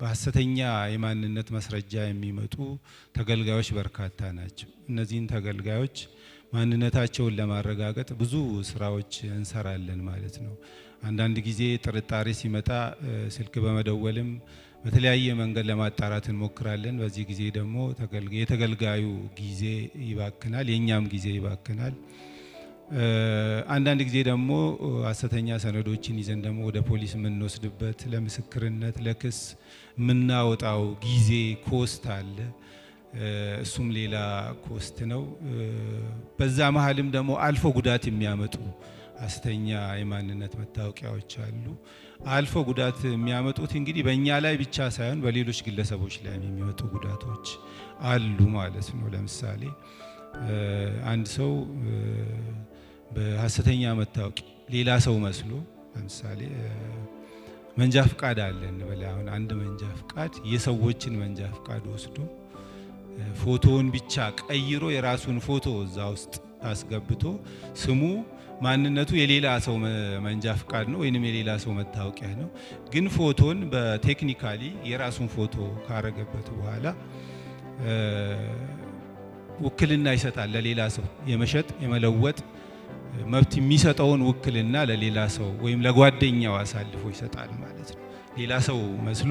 በሐሰተኛ የማንነት ማስረጃ የሚመጡ ተገልጋዮች በርካታ ናቸው። እነዚህን ተገልጋዮች ማንነታቸውን ለማረጋገጥ ብዙ ስራዎች እንሰራለን ማለት ነው። አንዳንድ ጊዜ ጥርጣሬ ሲመጣ ስልክ በመደወልም በተለያየ መንገድ ለማጣራት እንሞክራለን። በዚህ ጊዜ ደግሞ የተገልጋዩ ጊዜ ይባክናል፣ የእኛም ጊዜ ይባክናል። አንዳንድ ጊዜ ደግሞ ሐሰተኛ ሰነዶችን ይዘን ደግሞ ወደ ፖሊስ የምንወስድበት ለምስክርነት ለክስ የምናወጣው ጊዜ ኮስት አለ። እሱም ሌላ ኮስት ነው። በዛ መሀልም ደግሞ አልፎ ጉዳት የሚያመጡ ሐሰተኛ የማንነት መታወቂያዎች አሉ። አልፎ ጉዳት የሚያመጡት እንግዲህ በእኛ ላይ ብቻ ሳይሆን በሌሎች ግለሰቦች ላይ የሚመጡ ጉዳቶች አሉ ማለት ነው። ለምሳሌ አንድ ሰው በሀሰተኛ መታወቂያ ሌላ ሰው መስሎ ለምሳሌ መንጃ ፍቃድ አለ እንበል። አሁን አንድ መንጃ ፍቃድ የሰዎችን መንጃ ፍቃድ ወስዶ ፎቶውን ብቻ ቀይሮ የራሱን ፎቶ እዛ ውስጥ አስገብቶ ስሙ ማንነቱ የሌላ ሰው መንጃ ፍቃድ ነው ወይንም የሌላ ሰው መታወቂያ ነው። ግን ፎቶን በቴክኒካሊ የራሱን ፎቶ ካረገበት በኋላ ውክልና ይሰጣል ለሌላ ሰው የመሸጥ የመለወጥ መብት የሚሰጠውን ውክልና ለሌላ ሰው ወይም ለጓደኛው አሳልፎ ይሰጣል ማለት ነው። ሌላ ሰው መስሎ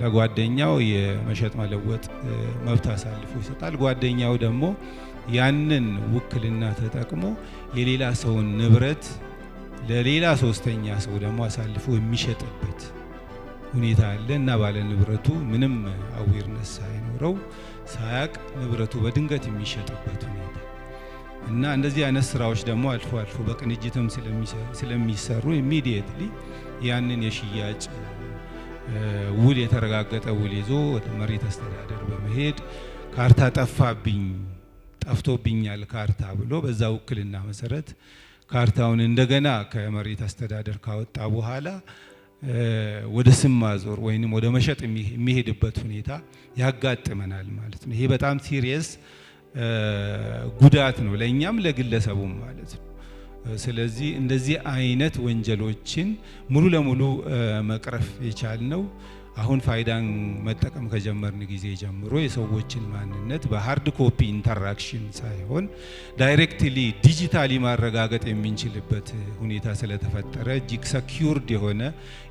ለጓደኛው የመሸጥ መለወጥ መብት አሳልፎ ይሰጣል። ጓደኛው ደግሞ ያንን ውክልና ተጠቅሞ የሌላ ሰውን ንብረት ለሌላ ሶስተኛ ሰው ደግሞ አሳልፎ የሚሸጥበት ሁኔታ አለ እና ባለ ንብረቱ ምንም አዌርነስ ሳይኖረው ሳያቅ ንብረቱ በድንገት የሚሸጥበት ሁኔታ እና እንደዚህ አይነት ስራዎች ደግሞ አልፎ አልፎ በቅንጅትም ስለሚሰሩ ኢሚዲየትሊ ያንን የሽያጭ ውል የተረጋገጠ ውል ይዞ ወደ መሬት አስተዳደር በመሄድ ካርታ ጠፋብኝ ጠፍቶብኛል ካርታ ብሎ በዛ ውክልና መሰረት ካርታውን እንደገና ከመሬት አስተዳደር ካወጣ በኋላ ወደ ስም ማዞር ወይም ወደ መሸጥ የሚሄድበት ሁኔታ ያጋጥመናል ማለት ነው። ይሄ በጣም ሲሪየስ ጉዳት ነው ለእኛም ለግለሰቡም ማለት ነው። ስለዚህ እንደዚህ አይነት ወንጀሎችን ሙሉ ለሙሉ መቅረፍ የቻልነው አሁን ፋይዳን መጠቀም ከጀመርን ጊዜ ጀምሮ የሰዎችን ማንነት በሀርድ ኮፒ ኢንተራክሽን ሳይሆን ዳይሬክትሊ ዲጂታሊ ማረጋገጥ የምንችልበት ሁኔታ ስለተፈጠረ እጅግ ሰኪዩርድ የሆነ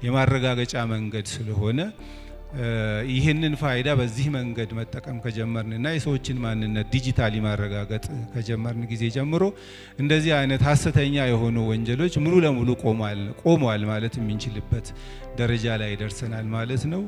የማረጋገጫ መንገድ ስለሆነ ይህንን ፋይዳ በዚህ መንገድ መጠቀም ከጀመርን እና የሰዎችን ማንነት ዲጂታሊ ማረጋገጥ ከጀመርን ጊዜ ጀምሮ እንደዚህ አይነት ሀሰተኛ የሆኑ ወንጀሎች ሙሉ ለሙሉ ቆሟል ማለት የምንችልበት ደረጃ ላይ ደርሰናል ማለት ነው።